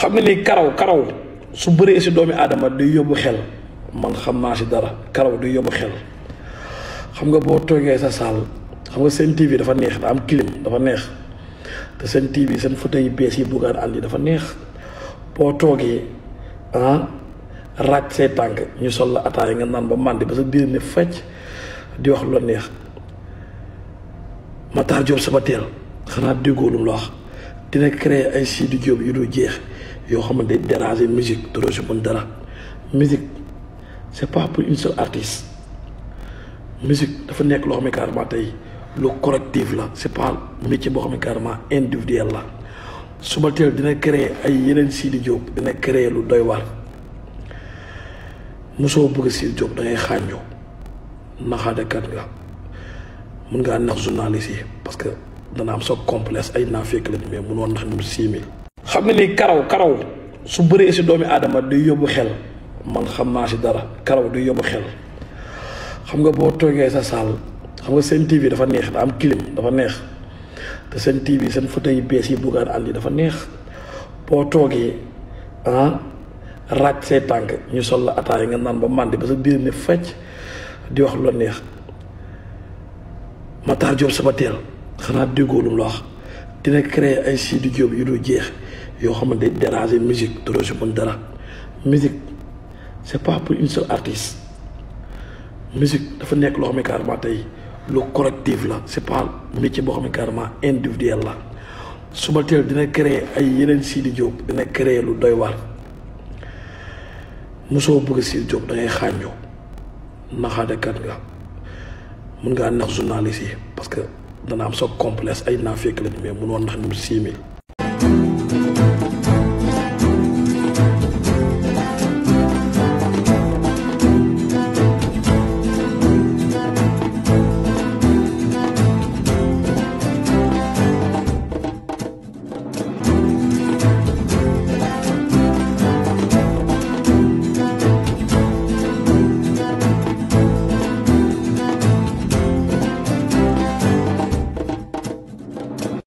xam nga ni karaw karaw su bëree si doomi aadama du yóbbu xel man xam naa si dara karaw du yóbbu xel xam nga boo toogee sa saal xam nga seen TV dafa neex da am clim dafa neex te seen TV seen yu bees yi buggaan àndi dafa neex boo toogee ah raaj say tànk ñu sol la ataaya nga naan ba màndi ba sa biir ne fecc di wax lu neex Matar sama teel xanaa déggoo lu la wax dina créer ay Sidy Diop yu dul jeex yoo xamante day déranger musique te doo si mën dara musique c' est pas pour une seule musique dafa nekk loo xam ne carrément tey lu collectif la c' est pas métier boo xam ne carrément individuel la suba teel dina créer ay yeneen Sidy Diop dina créer lu doy waar mosoo bëgg Sidy Diop da ngay xaañoo naxaatekat nga mun ngaa nax journaliste yi parce que dana am soo complexe ay naafeek lañu mais munoon nax ñu six mille xam nga ni karaw karaw su bëree si doomi aadama du yóbbu xel man xam naa si dara karaw du yóbbu xel xam nga boo toogee sa saal xam nga seen TV dafa neex da am clim dafa neex te seen TV seen yu bees yi buggaan àndi dafa neex boo toogee ah raaj say tànk ñu sol la ataay nga naan ba màndi ba sa biir ne fecc di wax lu neex Matar sama Sabatel xanaa déggoo lu mu la wax dina créer ay Sidy Diop yu du jeex yoo xamante day déranger musique doo dara musique est pas pour une dafa nekk loo xam ne carrément tey lu collectif la c' est pas métier boo xam ne carrément individuel la suba teel dina créer ay yeneen Sidy Diop dina créer lu doy waar mosoo bëgg Sidy Diop da ngay xaañoo naxaadekat nga mun ngaa nax journaliste yi parce que dana am sa complexe ay naafeek la mais munoo nax ñu 6000.